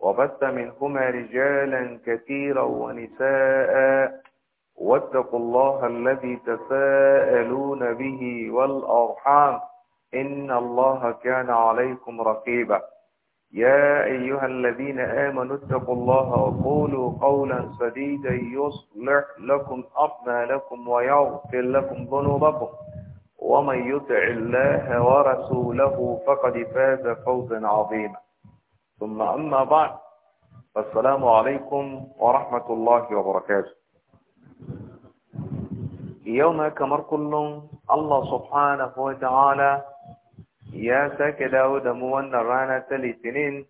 وبث منهما رجالا كثيرا ونساء واتقوا الله الذي تساءلون به والأرحام إن الله كان عليكم رقيبا يا أيها الذين آمنوا اتقوا الله وقولوا قولا سديدا يصلح لكم لكم ويغفر لكم ذنوبكم ومن يطع الله ورسوله فقد فاز فوزا عظيما ثم أما بعد السلام عليكم ورحمة الله وبركاته يوم كمر كل الله سبحانه وتعالى ya sake dawo da mu wannan rana ta litinin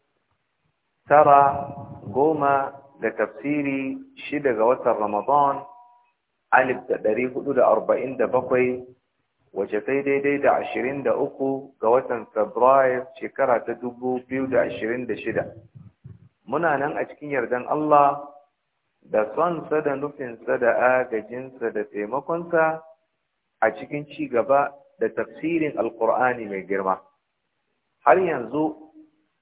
tara goma da tafsiri shida ga watan ramadan alif da ɗari hudu da arba'in da bakwai wace sai daidai da ashirin da uku ga watan Fabrairu shekara ta dubu biyu da ashirin da shida. Muna nan a cikin yardan Allah da sonsa da nufinsa da agajinsa da taimakonsa a cikin ci gaba da tafsirin Alƙur'ani mai girma. Har yanzu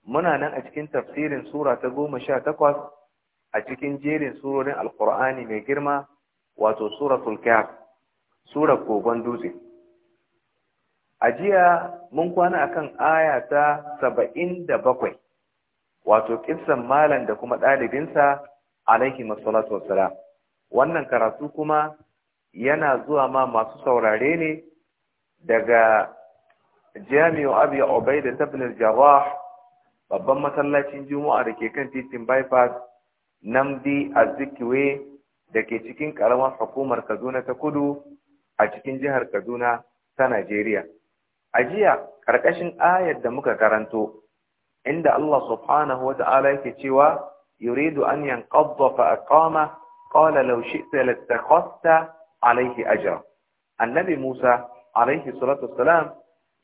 muna nan a cikin tafsirin Sura ta goma sha takwas a cikin jerin surorin Alƙur'ani mai girma wato Sura Surar Kogon Dutse. a jiya mun kwana akan aya ta saba'in da bakwai wato ƙisan malam da kuma ɗalibinsa alaihi masalatu wasala wannan karatu kuma yana zuwa ma masu saurare ne daga jami'u abu obai da tabnil jarrah babban masallacin juma'a da ke kan titin bypass namdi azikiwe da ke cikin karamar hukumar kaduna ta kudu a cikin jihar kaduna ta najeriya a jiya ƙarƙashin ayar da muka karanto inda Allah subhanahu wa ta'ala yake cewa yuridu an yanqadha fa aqama qala law shi'ta lattakhadta alayhi ajra annabi Musa alayhi salatu wassalam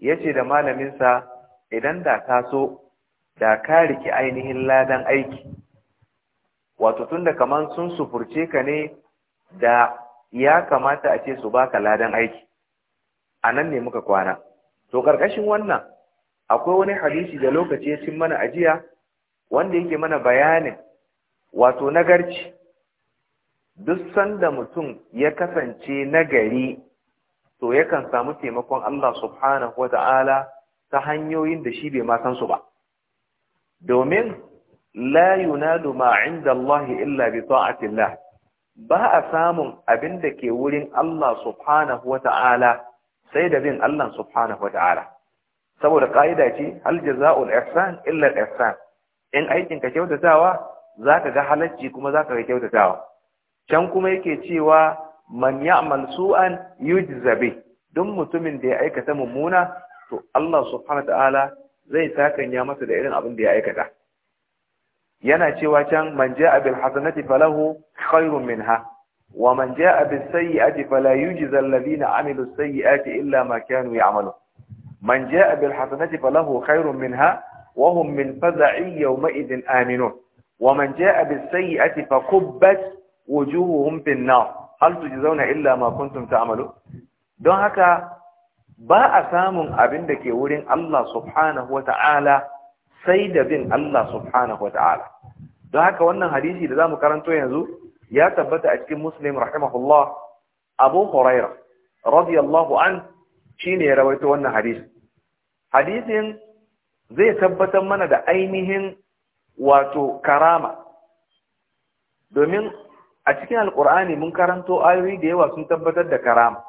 yace da malaminsa, idan da ka so da ka riki ainihin ladan aiki wato tunda kaman sun sufurce ka ne da ya kamata a ce su baka ladan aiki anan ne muka kwana to ƙarƙashin wannan akwai wani hadisi da lokaci ya cin mana ajiya wanda yake mana bayanin wato nagarci duk sanda mutum ya kasance nagari to yakan samu taimakon Allah subhanahu wata'ala ta hanyoyin da shi bai ma su ba domin la yunadu ma inda Allah illa bi ta'atillah ba a samun abin da ke wurin Allah subhanahu wata'ala sai da bin Allah subhanahu wataala saboda ƙa'ida ce aljaza'ul jaza'ul ihsan illa al ihsan in aikin ka kyautatawa zaka ga halacci kuma zaka ga kyautatawa can kuma yake cewa man ya'mal su'an yujza bi duk mutumin da ya aikata mummuna to Allah subhanahu wataala zai sakanya masa da irin abin da ya aikata yana cewa can man ja'a bil hasanati falahu khairun minha ومن جاء بالسيئة فلا يجزى الذين عملوا السيئات إلا ما كانوا يعملون من جاء بالحسنة فله خير منها وهم من فزع يومئذ آمنون ومن جاء بالسيئة فكبت وجوههم في النار هل تجزون إلا ما كنتم تعملون don haka ba a samun abin الله سبحانه وتعالى Allah الله سبحانه وتعالى da bin Allah subhanahu wata'ala don haka ya tabbata a cikin muslim rahimahullah abu huraira radiyallahu an shine ya rawaito wannan hadisi hadisin zai tabbatar mana da ainihin wato karama domin a cikin alkur'ani mun karanto ayoyi da yawa sun tabbatar da karama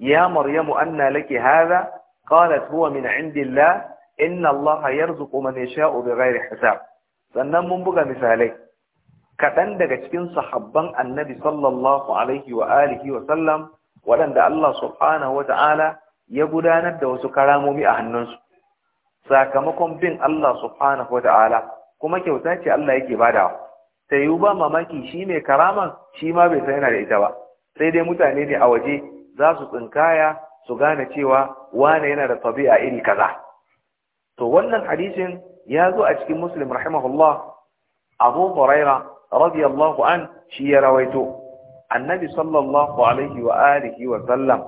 ya maryamu anna laki hadha qalat huwa min indillah inna allaha yarzuqu man yasha'u bighairi hisab sannan mun buga misalai kaɗan daga cikin sahabban annabi sallallahu alaihi wa alihi wa sallam waɗanda Allah subhanahu wa ta'ala ya gudanar da wasu karamomi a hannunsu sakamakon bin Allah subhanahu wa ta'ala kuma kyauta ce Allah yake badawa sai yu ba mamaki shi mai karama? shi ma bai san yana da ita ba sai dai mutane ne a waje za su tsinkaya su gane cewa wane yana da tabi'a iri kaza to wannan hadisin ya zo a cikin muslim rahimahullah abu huraira radiyallahu an shi ya rawaito annabi sallallahu alaihi wa alihi wa sallam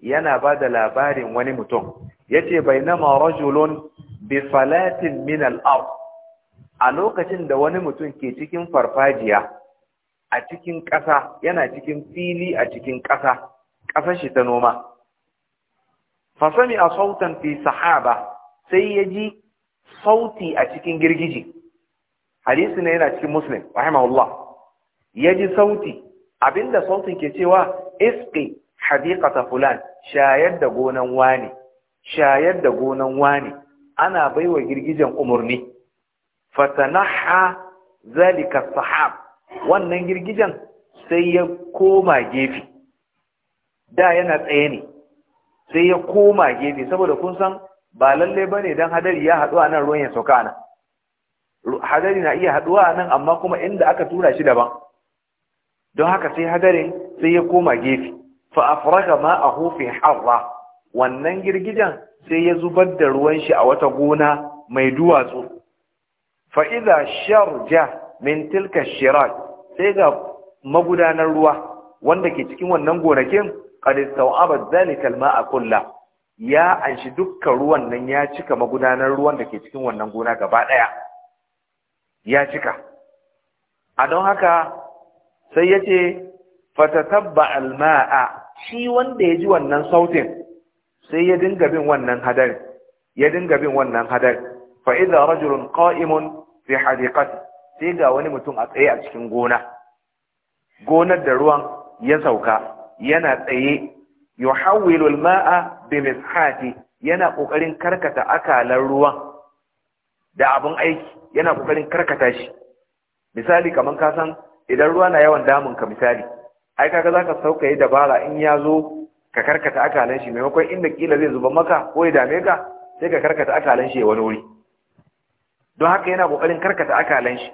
yana bada labarin wani mutum yace bainama rajulun bi falatin min al-ard a lokacin da wani mutum ke cikin farfajiya a cikin ƙasa yana cikin fili a cikin ƙasa ƙasar shi ta noma fasami a sautan fi sahaba sai ya ji sauti a cikin girgije hadisi ne yana cikin muslim rahimahullah ya ji sauti abinda sautin ke cewa iski hadiqata fulan shayar da gonan wani shayar da gonan wani ana baiwa girgijen umarni. fatanaha zalika sahab wannan girgijen sai ya koma gefe da yana tsaye ne sai ya koma gefe saboda kun san ba lalle bane dan hadari ya haɗu a nan ruwan ya sauka nan hadari na iya haduwa nan amma kuma inda aka tura shi daban don haka sai hadarin sai ya koma gefe fa afraga a hufe harra wannan girgijan sai ya zubar da ruwan shi a wata gona mai duwatsu fa iza sharja min tilka shirat sai ga magudanar ruwa wanda ke cikin wannan gonakin qad istaw'aba dhalika al-ma'a ya anshi dukkan ruwan nan ya cika magudanar ruwan da ke cikin wannan gona gaba daya ya cika a don haka sai ya ce fatatabba alma'a shi wanda ya ji wannan sautin sai ya dinga bin wannan hadari ya dinga bin wannan hadari fa idza rajulun qa'imun fi hadiqati sai ga wani mutum a tsaye a cikin gona gonar da ruwan ya sauka yana tsaye yuhawwilu maa bi mishati yana ƙoƙarin karkata akalan ruwan da abin aiki yana kokarin karkata shi misali kamar ka san idan ruwa na yawan damun ka misali ai kaga zaka sauka yi dabara in ya zo ka karkata akalan shi maimakon inda kila zai zuba maka ko ya dame ka sai ka karkata akalan shi wani wuri don haka yana kokarin karkata akalan shi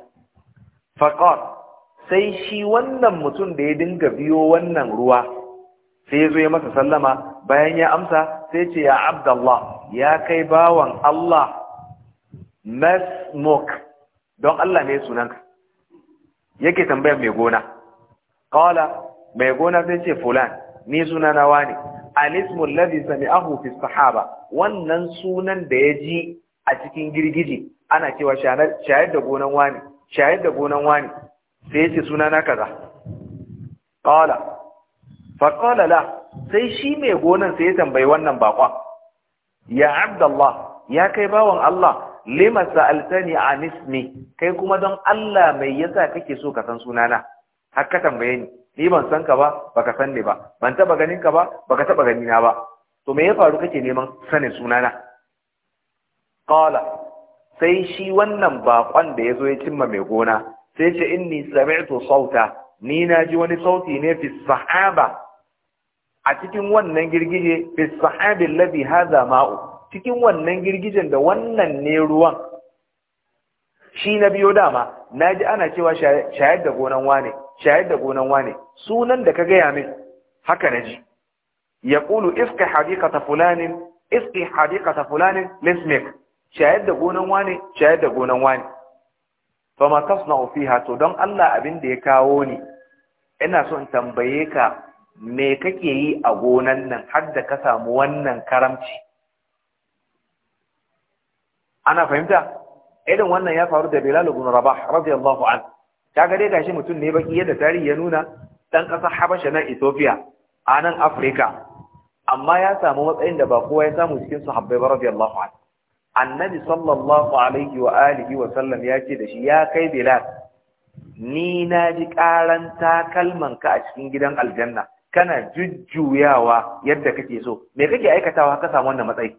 faqat sai shi wannan mutum da ya dinga biyo wannan ruwa sai ya zo ya masa sallama bayan ya amsa sai ce ya abdallah ya kai bawan Allah masmuk don Allah ne sunanka yake tambayar mai gona kawala mai gona sai ce fulan ni sunana wani alismu alladhi sami'ahu fi sahaba wannan sunan da ya ji a cikin girgiji ana cewa shayar da gonan wani shayar da gonan wani sai ya ce sunana kaza kawala fa la sai shi mai gonan sai ya tambayi wannan bakwa ya abdallah ya kai bawan Allah lima sa'altani an ismi kai kuma don Allah mai yasa kake so ka san sunana har ka tambaye ni ni ban san ka ba baka san ni ba ban taba ganin ka ba baka taba gani na ba to me ya faru kake neman sanin sunana qala sai shi wannan bakon da yazo ya cimma mai gona sai ce inni sami'tu sauta ni na ji wani sauti ne fi sahaba a cikin wannan girgije fi sahabi alladhi hadha ma'u cikin wannan girgijen da wannan ne ruwan shi na biyo dama na ji ana cewa shayar da gonan wane shayar da gonan wane sunan da ka gaya min haka na ji ya ƙulu iska hadikata fulanin iski ta fulanin lismik shayar da gonan wane shayar da gonan wane ba ma tasna'u fiha to don Allah abin da ya kawo ni ina so in tambaye ka me kake yi a gonan nan har da ka samu wannan karamci ana fahimta irin wannan ya faru da Bilal ibn Rabah radiyallahu an kaga dai gashi mutum ne baki yadda tarihi ya nuna dan kasar Habasha na Ethiopia a nan Afrika amma ya samu matsayin da ba kowa ya samu cikin sahabbai ba radiyallahu anhu, annabi sallallahu alaihi wa alihi wa sallam ya ce da shi ya kai Bilal ni na ji karan takalman ka a cikin gidan aljanna kana jujjuyawa yadda kake so me kake aikatawa ka samu wannan matsayi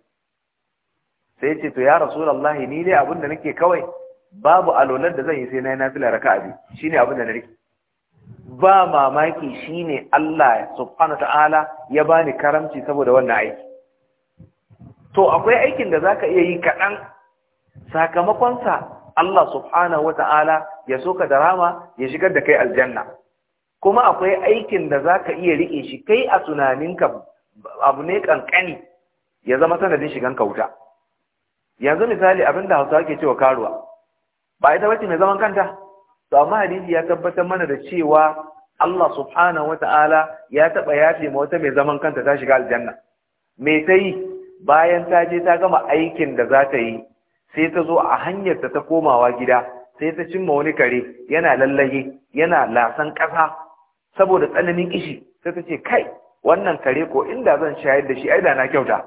sai ce to ya rasu lallahi ni ne abinda nake kawai babu alolar da zan yi sai na yi fila raka abi shine ne abinda na rike ba mamaki shi ne Allah subhanahu ta'ala ya bani karamci saboda wannan aiki to akwai aikin da zaka iya yi kaɗan sakamakonsa Allah subhanahu wata'ala ya so ka rama ya shigar da kai aljanna kuma akwai aikin da zaka iya rike shi kai a tunaninka abu ne kankani ya zama sanadin shigan ka wuta. yanzu misali abin da hausawa ke cewa karuwa ba ita bace mai zaman kanta to amma hadisi ya tabbatar mana da cewa Allah subhanahu wata'ala ya taba yafe ma wata mai zaman kanta ta shiga aljanna me ta yi bayan ta je ta gama aikin da za ta yi sai ta zo a hanyar ta komawa gida sai ta cimma wani kare yana lallai, yana lasan ƙasa saboda tsananin kishi sai ta ce kai wannan kare ko inda zan shayar da shi ai kyauta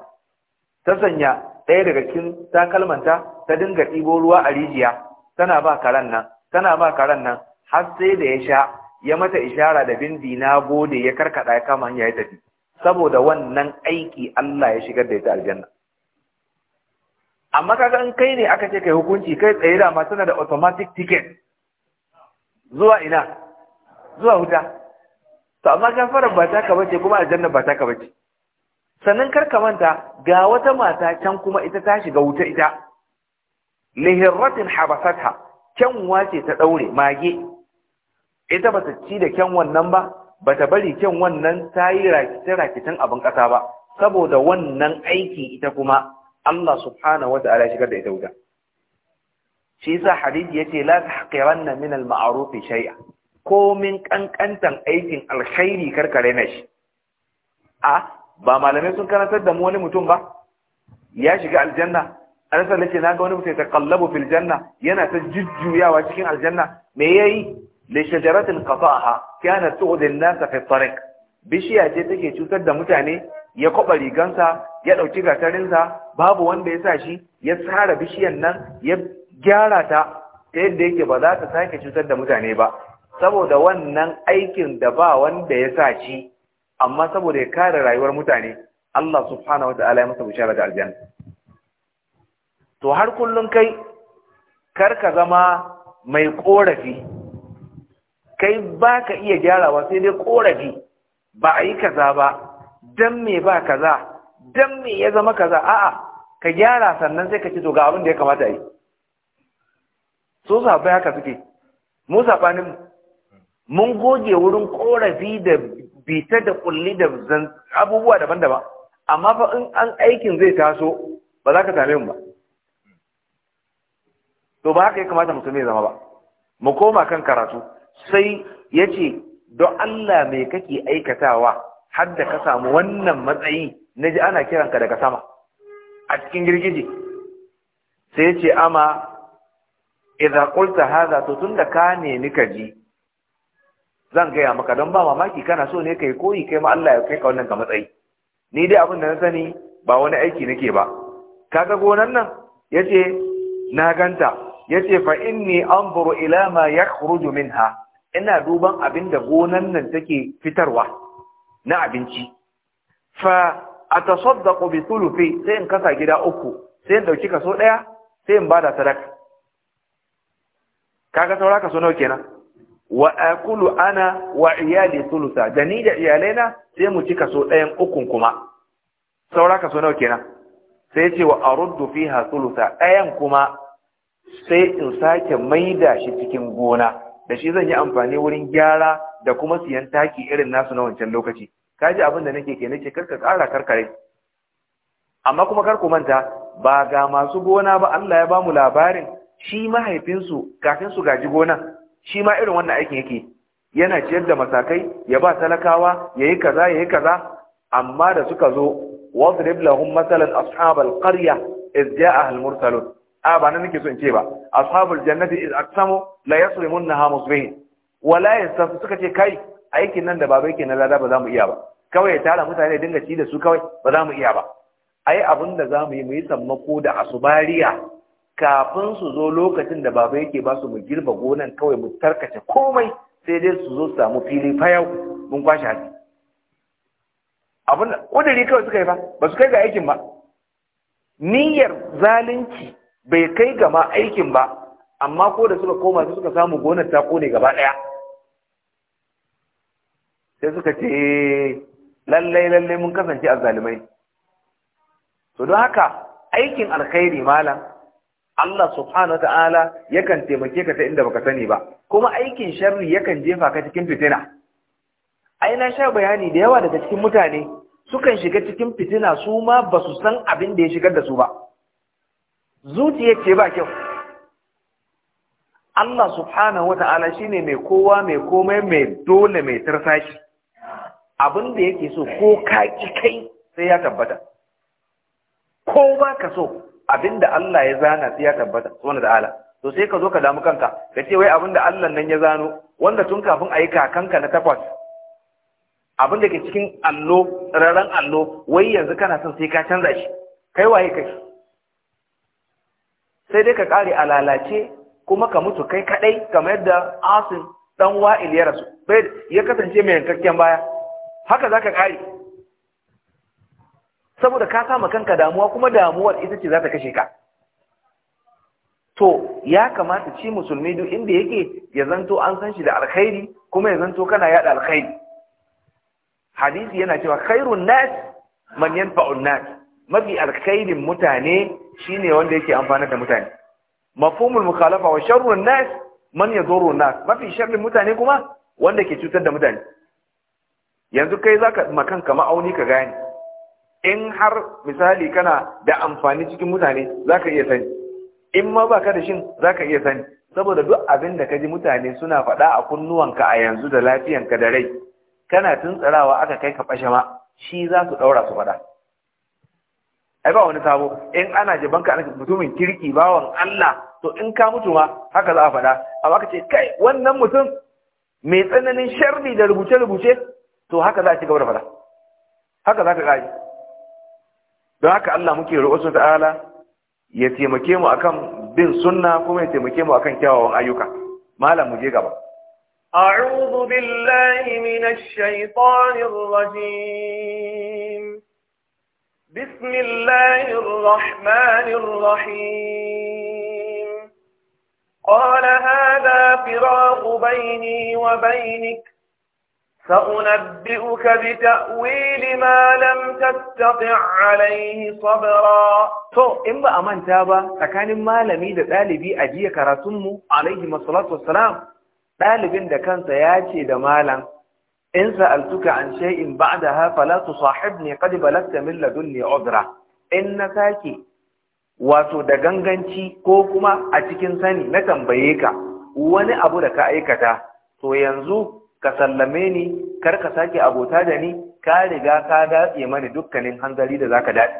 ta sanya ɗaya daga cikin takalmanta ta dinga ɗibo ruwa a rijiya tana ba karen nan tana ba karen nan har sai da ya sha ya mata ishara da bindi na gode ya karkaɗa ya kama hanya ya tafi saboda wannan aiki Allah ya shigar da ita aljanna amma kaga in kai ne aka ce kai hukunci kai tsaye da ma tana da automatic ticket zuwa ina zuwa huta to amma gafarar ba ta ka bace kuma aljanna ba ta ka bace sannan karka manta ga wata mata can kuma ita ta shiga wuta ita lihirratin Habasata kyanwa ce ta ɗaure mage ita ba ta ci da kyan wannan ba ba ta bari kyan wannan ta yi rakitan abin ƙasa ba saboda wannan aiki ita kuma Allah subhanahu wa ta'ala shigar da ita wuta shi yasa hadisi yace la tahqiranna min minal ma'arufi shai'a komin ƙanƙantan aikin alkhairi karkare na shi a ba malamai sun karantar da mu wani mutum ba ya shiga aljanna arsal yake naga wani mutum ya taqallabu fil janna yana ta jujjuyawa cikin aljanna me yayi li shajaratin qata'aha kanat tu'di an-nas fi tariq bishiya ce take cutar da mutane ya kwaba rigansa ya dauki gasarinsa, babu wanda ya sa shi ya tsara bishiyan nan ya gyara ta ta yadda yake ba za ta sake cutar da mutane ba saboda wannan aikin da ba wanda ya sa shi amma saboda ya kare rayuwar mutane Allah subhanahu wataala ya masa bishara da aljanna to har kullum kai kar ka zama mai korafi kai baka iya gyarawa sai dai korafi ba a yi kaza ba dan me ba kaza dan me ya zama kaza a'a ka gyara sannan sai ka ci to ga abin da ya kamata yi so sabai haka suke mu sabanin mun goge wurin korafi da bita da kulli da abubuwa daban-daban amma fa in an aikin zai taso ba za ka same mu ba to ba haka ya kamata ya zama ba mu koma kan karatu sai ya ce don Allah mai kake aikatawa har da ka samu wannan matsayi na ji ana kiranka daga sama a cikin girgije sai ya ce ama idan qulta haza to tunda ka nemi ka ji zan gaya maka don ba mamaki kana so ne kai koyi kai ma Allah ya kai ka wannan ka matsayi ni dai abin da na sani ba wani aiki nake ba kaga gonan nan yace na ganta yace fa inni anzuru ila ma yakhruju minha ina duban abin da gonan nan take fitarwa na abinci fa atasaddaqu bi thuluthi sai in kasa gida uku sai in dauki kaso daya sai in bada sadaka kaga saura kaso nawa kenan wa akulu ana wa iyali sulusa da ni da iyalaina sai mu ci kaso ɗayan ukun kuma saura kaso nawa kenan sai ce wa aruddu fiha sulusa ɗayan kuma sai in sake maida shi cikin gona da shi zan yi amfani wurin gyara da kuma siyan taki irin nasu na wancan lokaci kaji abin da nake ke nake karka ƙara karkare amma kuma kar ku manta ba ga masu gona ba Allah ya ba mu labarin shi mahaifinsu kafin su gaji gonan shi ma irin wannan aikin yake yana ciyar da masakai ya ba talakawa ya yi kaza ya yayi kaza amma da suka zo wadrib lahum masalan ashabal karya iz a al mursalun a ba nan nake so in ce ba ashabul jannati iz aqsamu la yasrimunha musbihin wala yastafu suka ce kai aikin nan da babai ke na lada ba za mu iya ba kawai ya tara mutane dinga ci da su kawai ba za mu iya ba ai abin da za mu yi mu yi sammako da asubariya kafin su zo lokacin da baba yake ba su mu girba gonan kawai mu tarkace komai sai dai su zo su samu fili fayau mun kwashe hatsi abin kudiri kawai suka yi ba ba su kai ga aikin ba niyyar zalunci bai kai ga ma aikin ba amma ko da suka koma su suka samu gonar ta kone gaba ɗaya sai suka ce lallai lallai mun kasance a zalimai to don haka aikin alkhairi malam Allah subhanahu ta'ala yakan taimake ka ta inda baka sani ba kuma aikin sharri yakan jefa ka cikin fitina ai na sha bayani da yawa daga cikin mutane sukan shiga cikin fitina su ma ba su san abin da ya shigar da su ba zuciya ce ba kyau Allah subhanahu wata'ala shine mai kowa mai komai mai dole mai tarsashi abin da yake so ko ka ki kai sai ya tabbata ko ba ka so abinda Allah ya zana sai ya tabbata subhanahu ta'ala to sai ka zo ka damu kanka ka ce wai abinda Allah nan ya zano wanda tun kafin a yi kakanka na tafas abin ke cikin allo tsararren allo wai yanzu kana son sai ka canza shi kai waye kai sai dai ka kare a lalace kuma ka mutu kai kadai kamar yadda asin dan wa'il ya rasu ya kasance mai yankakken baya haka zaka kare saboda ka sama kanka damuwa kuma damuwar ita ce za ta kashe ka to ya kamata ci musulmi duk inda yake ya zanto an san shi da alkhairi kuma ya zanto kana yada alkhairi hadisi yana cewa khairun nas man yanfa'un nas mafi alkhairin mutane shine wanda yake amfanar da mutane mafhumul mukhalafa wa sharrun nas man yadurru nas mafi sharrin mutane kuma wanda ke cutar da mutane yanzu kai zaka makan kama auni ka gane in har misali kana da amfani cikin mutane za ka iya sani in ma ba ka da shin ka iya sani saboda duk abin da ka ji mutane suna faɗa a kunnuwanka a yanzu da lafiyanka da rai kana tuntsarawa aka kai ka ɓashe ma shi za su ɗaura su faɗa ai ba wani sabo in ana ka ana mutumin kirki bawan Allah to in ka mutu ma haka za a faɗa amma ka ce kai wannan mutum mai tsananin sharri da rubuce-rubuce to haka za a ci gaba da faɗa haka za ka ƙaji don haka Allah muke roƙo ta'ala ya taimake mu akan bin sunna kuma ya taimake mu akan kyawawan ayyuka malam mu je gaba a'udhu billahi minash shaitanir rajim bismillahir rahmanir rahim qala hadha firaq bayni wa baynika سأنبئك بتأويل ما لم تستطع عليه صبرا to in ba a manta ba tsakanin malami da ɗalibi a jiya karatunmu alaihi masalatu ɗalibin da kansa ya ce da malam in sa'altuka an shay'in ba'daha fala tusahibni qad balagta min ladunni udra in na sake wato da ganganci ko kuma a cikin sani na tambaye ka wani abu da ka aikata to yanzu ka sallame ni kar ka sake abota da ni ka riga ka datse mani dukkanin hanzari da zaka datse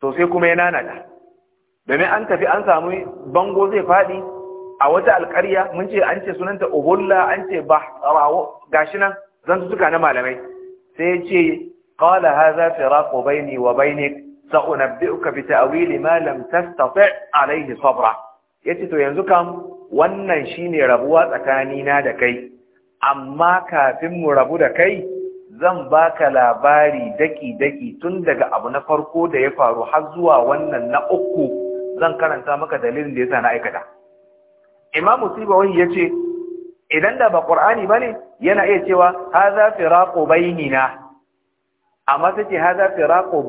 to sai kuma ya nanata domin an tafi an samu bango zai faɗi a wata alƙarya mun ce an ce sunanta Ubulla an ce ba gashi nan zan suka na malamai sai ya ce qala hadha firaqu baini wa bainik sa'unabbi'uka bi ta'wili ma lam tastati' alayhi sabra yace to yanzu kam wannan shine rabuwa tsakanina da kai amma kafin mu rabu da kai zan baka labari daki-daki tun daga abu na farko da ya faru har zuwa wannan na uku zan karanta maka dalilin da ya sa na aikata Imam sibawai ya ce idan da ba ƙur'ani ba ne yana iya cewa haza firaƙo baini na amma ta ce haza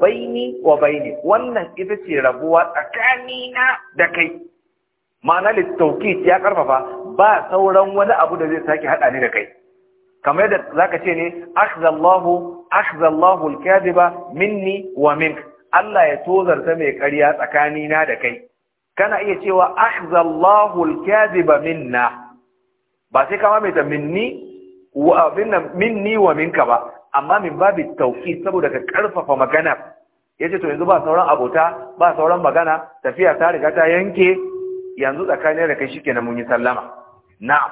baini wa baini wannan ita ce rabuwa tsakanina da kai ma'ana littaukit ya karfafa. ba sauran wani abu da zai sake haɗa ni da kai kamar yadda zaka ce ne akhzallahu akhzallahu alkadiba minni wa mink Allah ya tozarta mai ƙarya tsakanina da kai kana iya cewa akhzallahu alkadiba minna ba sai kama mai ta minni wa abinna minni wa minka ba amma min babu saboda ka karfafa magana yace to yanzu ba sauran abota ba sauran magana tafiya ta riga ta yanke yanzu tsakanin da kai shikenan mun yi sallama نعم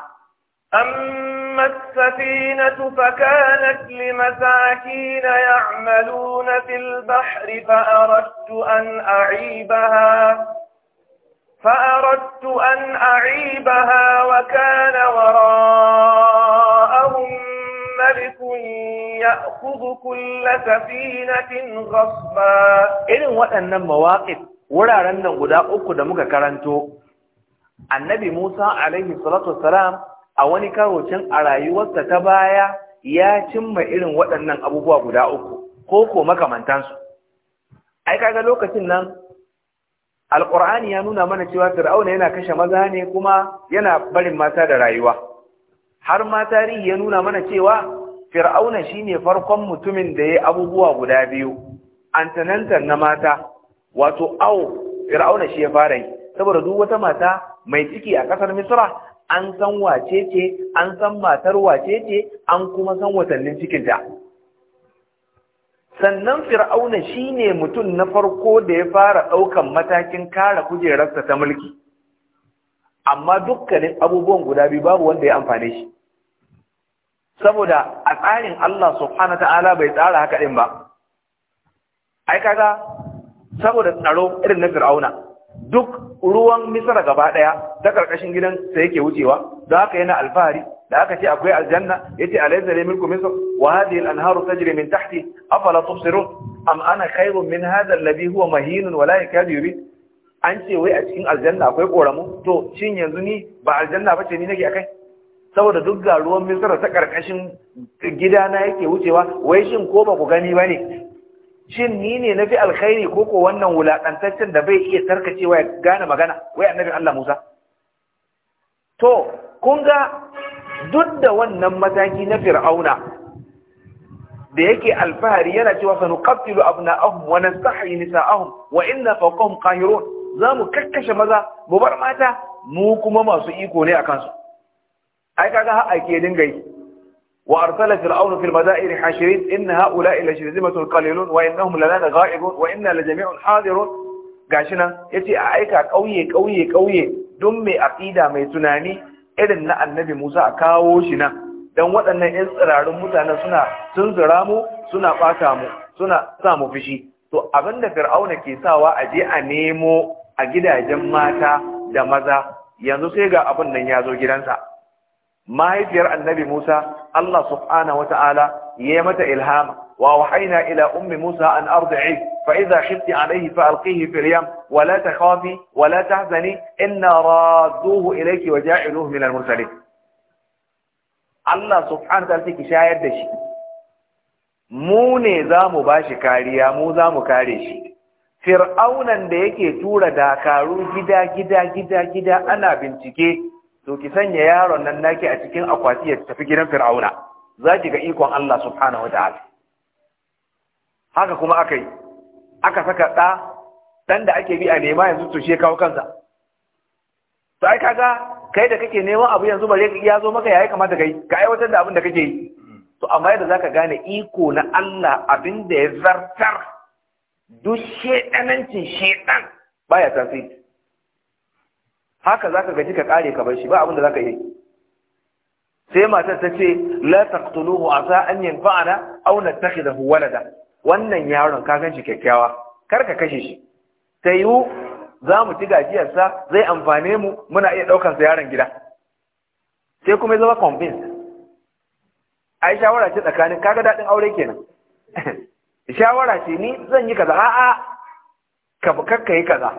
أما السفينة فكانت لمساكين يعملون في البحر فأردت أن أعيبها فأردت أن أعيبها وكان وراءهم ملك يأخذ كل سفينة غصبا إذن وأن مواقف ولا nan غداء أكد da muka annabi Musa alaihi salatu wassalam a wani karocin a rayuwarsa ta baya ya cimma irin waɗannan abubuwa guda uku ko ko makamantansu ai kaga lokacin nan alqur'ani ya nuna mana cewa fir'auna yana kashe maza ne kuma yana barin mata da rayuwa har ma tarihi ya nuna mana cewa fir'auna shine farkon mutumin da ya abubuwa guda biyu antanantar na mata wato au fir'auna shi ya fara yi saboda duk wata mata mai ciki a ƙasar misra an san wace ce an san matar wace ce an kuma san watannin cikinta sannan fir'auna shine mutum na farko da ya fara ɗaukan matakin kare kujerarsa ta mulki amma dukkanin abubuwan guda biyu babu wanda ya amfane shi saboda a tsarin Allah subhanahu ta'ala bai tsara haka din ba ai kaga saboda tsaro irin na fir'auna duk ruwan misra gaba daya ta karkashin gidan sa yake wucewa da haka yana alfahari da haka ce akwai aljanna yace alaysa li milku misr wa hadhihi al-anharu tajri min tahti afala tubsirun am ana khayrun min hadha alladhi huwa mahinun wa la yakadu yurid an ce wai a cikin aljanna akwai koramu to shin yanzu ni ba aljanna bace ni nake akai saboda duk ga ruwan misra ta karkashin gidana yake wucewa wai shin ko ba ku gani bane shin ni ne na fi alkhairi ko ko wannan wulaƙantaccen da bai iya tarkacewa ya gane magana wai annabin Allah Musa to kun ga duk da wannan mataki na fir'auna da yake alfahari yana cewa sanu qatilu abna'ahum wa nastahyi nisa'ahum wa inna fawqahum za mu kakkashe maza mu bar mata mu kuma masu iko ne a kansu. ai kaga har ake dinga yi وأرسل فرعون في المدائن حاشرين إن هؤلاء لشرذمة قليلون وإنهم لنا غائبون وإنا لجميع حاضر gashina yace a aika ƙauye kauye kauye don mai aqida mai tunani irin na annabi Musa a kawo shi nan dan waɗannan 'yan tsirarun mutanen suna sun zira mu suna ɓata mu suna sa mu fishi to da fir'auna ke sawa a je a nemo a gidajen mata da maza yanzu sai ga abin nan ya zo gidansa mahaifiyar annabi Musa Allah subhanahu wata'ala ya mata ilhama wa wahaina ila ummi Musa an ardi'i fa idha khifti alayhi fa alqihi fil yam wa la takhafi wa la tahzani inna radduhu ilayki wa ja'iluhu min al mursalin Allah subhanahu wata'ala ki shayar da shi mu ne zamu bashi kariya mu zamu kare shi fir'aunan da yake tura dakaru gida gida gida gida ana bincike to ki sanya yaron nan naki a cikin akwati ya tafi gidan fir'auna za ki ga ikon Allah subhanahu wataala haka kuma aka yi aka saka ɗa ɗan da ake bi a nema yanzu to she kawo kansa to ai kaga kai da kake neman abu yanzu bare ya zo maka yayi kamata kai ka aiwatar da abin da kake yi to amma yadda zaka gane iko na Allah abin da ya zartar duk shedanancin shedan baya tasiri haka za ka gaji ka kare ka bar shi ba abin da ka yi sai matar ta ce la taqtuluhu asa an yanfa'ana aw nattakhidahu walada wannan yaron ka ganci kyakkyawa kar ka kashe shi Sai za mu ci gajiyarsa zai amfane mu muna iya daukar sa yaron gida sai kuma zama convinced ai shawara ce tsakanin kaga dadin aure kenan shawara ce ni zan yi kaza a'a ka yi kaza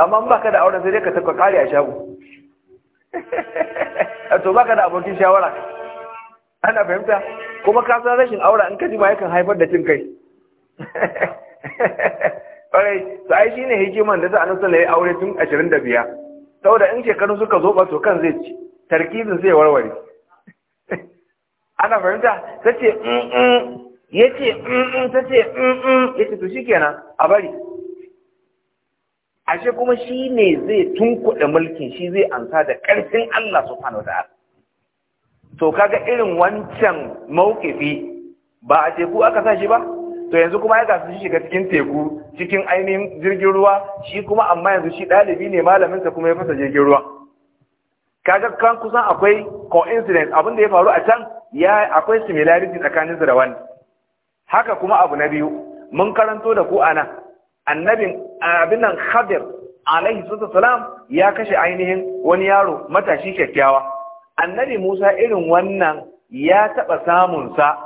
amma baka da auren sai dai ka taka kare a shago to baka da abokin shawara ana fahimta kuma ka san rashin aura in ka ji ma yakan haifar da cin kai ƙwarai su ai shine hikiman da za a nasa ya aure tun ashirin da biyar saboda in shekaru suka zo ba to kan zai ci tarkizin zai warware ana fahimta ta ce ya ce ta ce ya ce to shikenan a bari ashe kuma shi ne zai tunkuɗe mulkin shi zai ansa da ƙarfin Allah subhanahu wa ta'ala to kaga irin wancan mawkifi ba a teku aka sa shi ba to yanzu kuma ya gasu shi shiga cikin teku cikin ainihin jirgin ruwa shi kuma amma yanzu shi ɗalibi ne malaminsa kuma ya fasa jirgin ruwa kaga kan kusan akwai coincidence abin da ya faru a can ya akwai similarity tsakanin su da wani haka kuma abu na biyu mun karanto da ku anan annabin abinan khadir alaihi salam ya kashe ainihin wani yaro matashi kyakkyawa annabi musa irin wannan ya taɓa sa.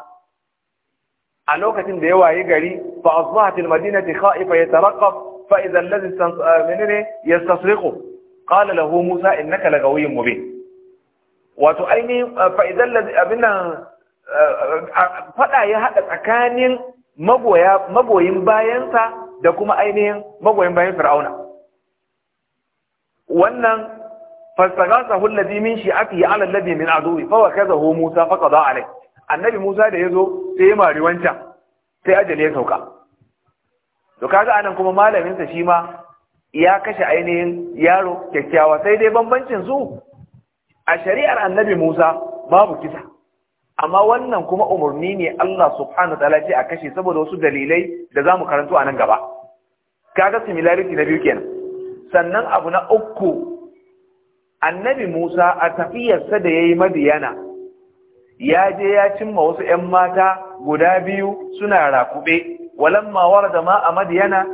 a lokacin da ya wayi gari fa asbahat almadinati khaifa yatarqab fa idha alladhi ah, menene yastasriqu qala lahu musa innaka lagawiyyun mubin wato ainihin ah, fa idha alladhi abinan ah, fada ya hada tsakanin magoya magoyin bayansa da kuma ainihin magoyin bayan fir'auna wannan fastaghasahu alladhi min shi'atihi 'ala alladhi min aduwi fa wakazahu Musa fa qada alayhi annabi Musa da yazo sai ya mari wancan sai ajali ya sauka to kaga anan kuma malamin sa shi ma ya kashe ainihin yaro kyakkyawa sai dai bambancin su a shari'ar annabi Musa babu kisa amma wannan kuma umarni ne Allah subhanahu ta'ala ce a kashe saboda wasu dalilai da zamu karanto a nan gaba kaga similarity na biyu kenan sannan abu na uku annabi Musa a tafiyarsa da ya yi Madiyana ya je ya cimma wasu 'yan mata guda biyu suna rakuɓe walamma warada ma a Madiyana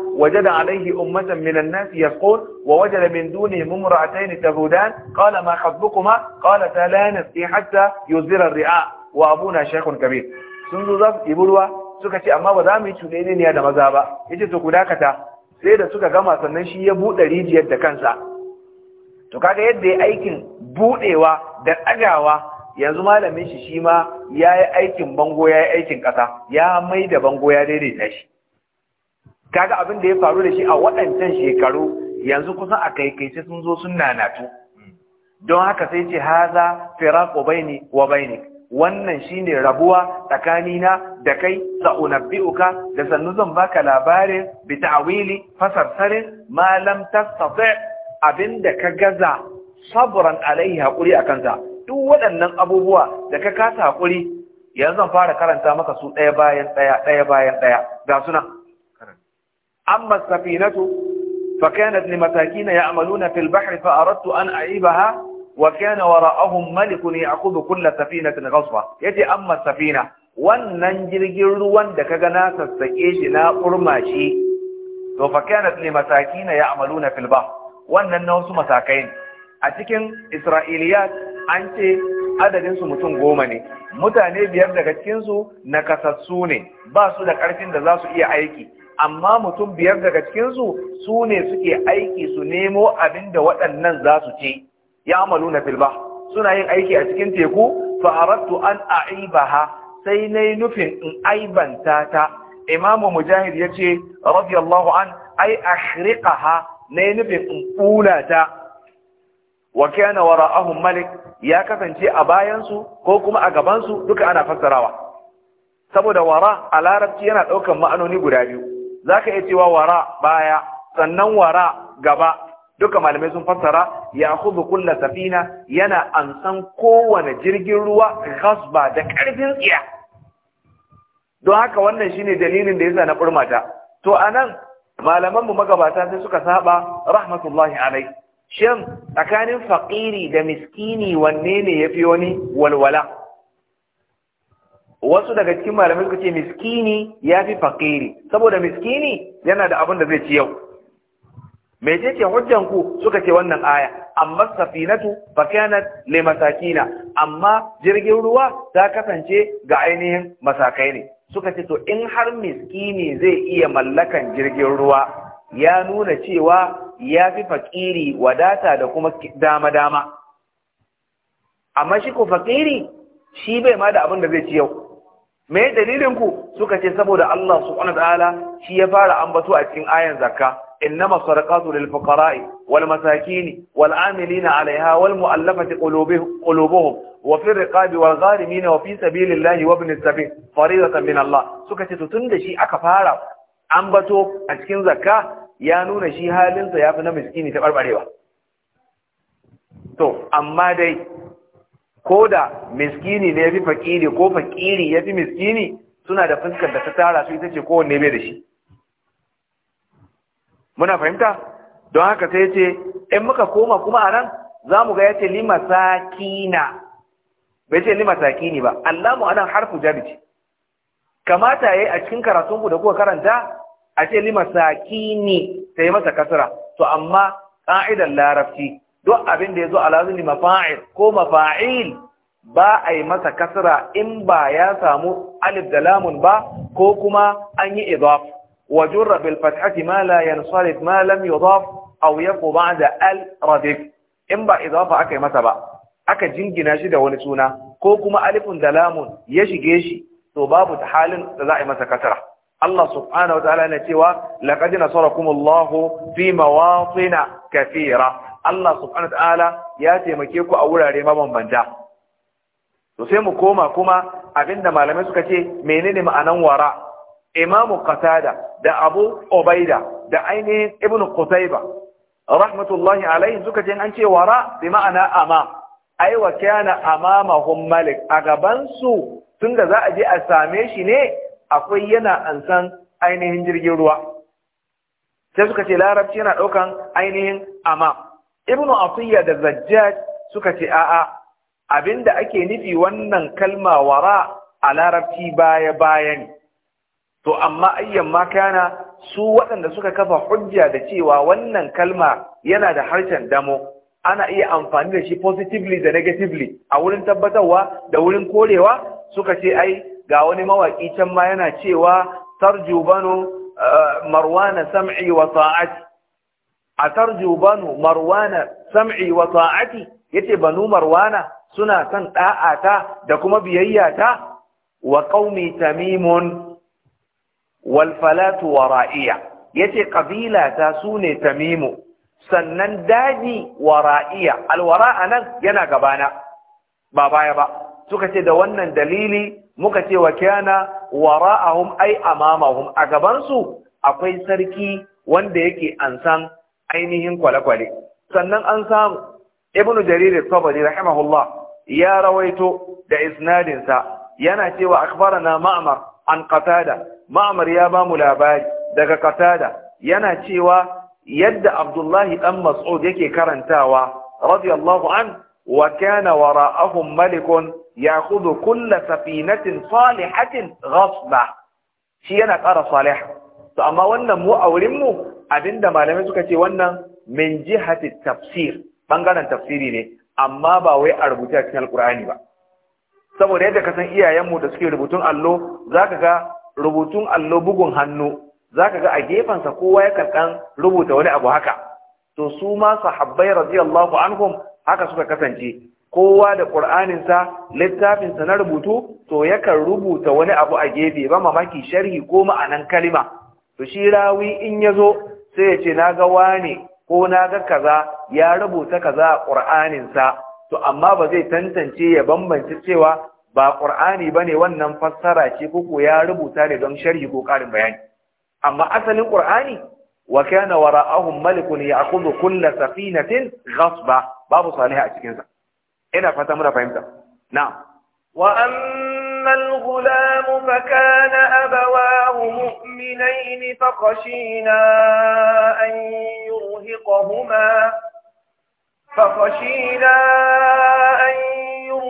da alaihi ummatan minan nas yasqul wa wajada min dunihim imra'atayn tahudan qala ma khabbukuma qala la nasqi hatta yuzira ar-ri'a wa na shaykhun kabir sun zo za su ɗibi ruwa suka ce amma ba za mu yi cuɗaniya da maza ba yace to ku dakata sai da suka gama sannan shi ya buɗe rijiyar da kansa to kaga yadda ya aikin buɗewa da ɗagawa yanzu malamin shi shi ma ya yi aikin bango ya yi aikin ƙasa ya mai da bango ya daidaita shi kaga abin da ya faru da shi a waɗancan shekaru yanzu kusan a kaikaice sun zo sun nanatu don haka sai ce haza firaqu baini wa bainik wannan shine rabuwa tsakanina da kai sa'unabbi'uka da sannu zan baka labarin bi ta'wili fasarsarin ma lam tastati abinda ka gaza sabran alaihi hakuri a sa duk waɗannan abubuwa da ka kasa hakuri yanzu zan fara karanta maka su ɗaya bayan ɗaya ɗaya bayan ɗaya ga suna amma safinatu fa kanat li masakin ya'maluna fil bahri fa aradtu an a'ibaha wa kana wara'ahum malikun ya'khudhu kull safinatin ghasba yace amma safina wannan jirgin ruwan da kaga na sassake shi na kurma shi to fa ne masakina ya amaluna fil bahr wannan na wasu masakai a cikin isra'iliyat an ce adadin su mutum goma ne mutane biyar daga cikin su nakasassu ne ba su da karfin da za su iya aiki amma mutum biyar daga cikin su su ne suke aiki su nemo abin da waɗannan za su ci ya'maluna fil bahr suna yin aiki a cikin teku fa aradtu an a'ibaha sai nay nufin in aibanta ta imamu mujahid yace radiyallahu an ai ahriqaha nay nufin in kula ta wa kana wara'ahum malik ya kasance a bayansu ko kuma a gabansu duka ana fassarawa saboda wara a larabci yana ɗaukar ma'anoni guda biyu za ka iya cewa wara baya sannan wara gaba duka malamai sun fassara ya khudhu kullu safina yana ansan kowane jirgin ruwa ghasba da karfin tsiya don haka wannan shine dalilin da yasa na burmata to anan malaman mu magabata sai suka saba rahmatullahi alai shin tsakanin faqiri da miskini wanne ne yafi wani walwala wasu daga cikin malamai suka ce miskini yafi faqiri saboda miskini yana da abin da zai ci yau me ce hujjan ku suka ce wannan aya amma safinatu fa kanat masakina amma jirgin ruwa ta kasance ga ainihin masakai ne suka ce to in har miskini zai iya mallakan jirgin ruwa ya nuna cewa ya fi fakiri wadata da kuma dama dama amma shi ko fakiri shi bai ma da abin da zai ci yau me dalilin ku suka ce saboda Allah subhanahu ta'ala shi ya fara ambato a cikin ayan zakka إنما الصدقات للفقراء والمساكين والعاملين عليها والمؤلفة قلوبهم, قلوبهم وفي الرقاب والغارمين وفي سبيل الله وابن السبيل فريضة من الله سكت تتندشي أكفارا أنبتو أتكين زكاة يانون شي هالين سيافنا مسكيني تبقى بريوة تو أما دي كودا مسكيني نبي فكيري كو فكيري يبي مسكيني suna da fuskar da ta tara su ita ce kowanne bai da shi muna fahimta don haka sai ce in muka koma kuma a nan za mu ga ya ce lima sakina bai ce lima sakini ba allamu anan harfu jarji kamata ya yi a cikin karatun ku da kuka karanta a ce lima sakini yi masa kasara. to amma ƙa'idar larabci duk abin da zo a zuni mafa'il ko mafa'il ba a yi masa kasra in ba ya samu alif da lamun ba ko kuma an yi idaf وجر بالفتحة ما لا ينصرف ما لم يضاف أو يقو بعد ال ردف إن با إضافة أكي متبع أكا جنجي ناشدة ونسونا كوكما ألف دلام يشي جيشي تباب تحال تزائمة كترة الله سبحانه وتعالى نتوى لقد نصركم الله في مواطن كثيرة الله سبحانه وتعالى ياتي مكيكو أولا ريما بنجا تسيمو كوما كوما أبين دمالمسكتي منين معنى وراء imamu qatada da abu ubaida da ainihin ibnu qutayba rahmatullahi alaihi suka ce an wara bi ma'ana ama ai wa malik a gabansu, su tunda za a je a same shi ne akwai yana ansan ainihin jirgin ruwa sai suka ce larabci yana ɗaukan ainihin amma ibnu Afiya da zajjaj suka ce a'a abinda ake nufi wannan kalma wara a larabci baya baya ne to amma ayyan ma kana su waɗanda suka kafa hujja da cewa wannan kalma yana da harshen damo ana iya amfani da shi positively da negatively a wurin tabbatarwa da wurin korewa suka ce ai ga wani mawaƙi can ma yana cewa tarju banu eh, marwana sam'i wa ta'ati a tarju banu marwana sam'i wa ta'ati yace banu marwana suna son ɗa'ata da kuma biyayya ta wa qaumi tamimun Walfalatu falatu wara'iya yace kabila ta sune tamimu sannan daji wara'iya alwara a nan yana gabana ba baya ba suka ce da wannan dalili muka ce wa kana wara'ahum ai amamahum a gaban su akwai sarki wanda yake ansan ainihin kwale-kwale sannan an samu ibnu jarir tabari rahimahullah ya rawaito da isnadinsa yana cewa akhbarana ma'mar an qatada ma'amar ya ba mu labari daga katada yana cewa yadda abdullahi Ɗan mas'ud yake karantawa radiyallahu an wa kana wara'ahum malikun ya'khudhu kull safinatin salihatin ghasba shi yana ƙara salih to amma wannan mu a wurin mu abinda malamai suka ce wannan min jihati tafsir bangaren tafsiri ne amma ba wai a rubuta cikin alkur'ani ba saboda yadda ka san iyayenmu da suke rubutun allo zaka ga rubutun allo bugun hannu zaka ga a gefensa kowa yakan dan rubuta wani abu haka to su ma sahabbai radiyallahu anhum haka suka kasance kowa da ƙur'aninsa littafinsa na rubutu to yakan rubuta wani abu a gefe ba mamaki sharhi ko ma'anan kalima to shi rawi in ya zo sai ya ce na ga wane ko na ga kaza ya rubuta kaza a ƙur'aninsa to amma ba zai tantance ya bambance cewa ba qur'ani bane wannan fassara ce koko ya rubuta ne don sharhi ko karin bayani amma asalin qur'ani wa kana wara'ahum malikun ya'khudhu kull safinatin ghasba babu salihu a cikin sa ina fata muna fahimta na'am wa amma al-ghulam fa kana abawahu mu'minain fa khashina an yurhiqahuma fa khashina an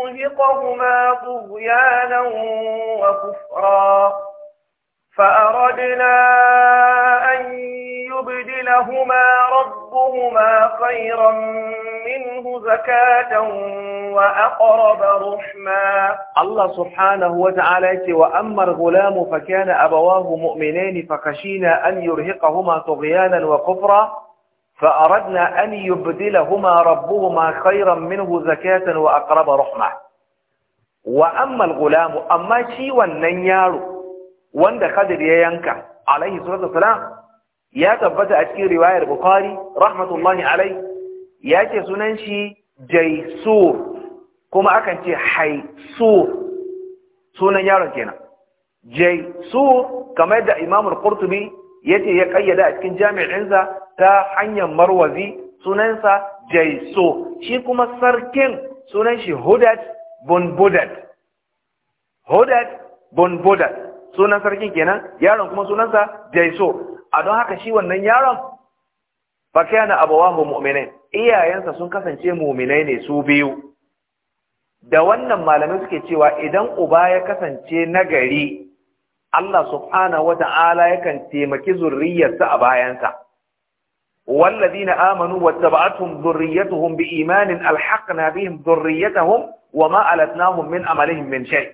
لنرهقهما طغيانا وكفرا فأردنا أن يبدلهما ربهما خيرا منه زكاة وأقرب رحما الله سبحانه وتعالى وأما الغلام فكان أبواه مؤمنين فخشينا أن يرهقهما طغيانا وكفرا فأردنا أن يبدلهما ربهما خيرا منه زكاة وأقرب رحمة وأما الغلام أما شي والنيار وند قدر ينكع عليه الصلاة والسلام يا تبت أشكي رواية البخاري رحمة الله عليه يا تسننشي جيسور كما أكنتي حيسور sunan yaron kenan jai su kamar da imam al-qurtubi yace ya kayyada a cikin jami'insa ta hanyar marwazi sunansa jaiso shi kuma sarkin sunan shi hudat bun budat hudat bun budat sunan sarkin kenan yaron kuma sunansa jaiso a don haka shi wannan yaron fa kana mu mu'minin iyayensa sun kasance mu'minai ne su biyu da wannan malamai suke cewa idan uba ya kasance nagari Allah subhanahu wata'ala yakan taimaki zurriyarsa a bayansa والذين آمنوا واتبعتهم ذريتهم بإيمان ألحقنا بهم ذريتهم وما ألتناهم من عملهم من شيء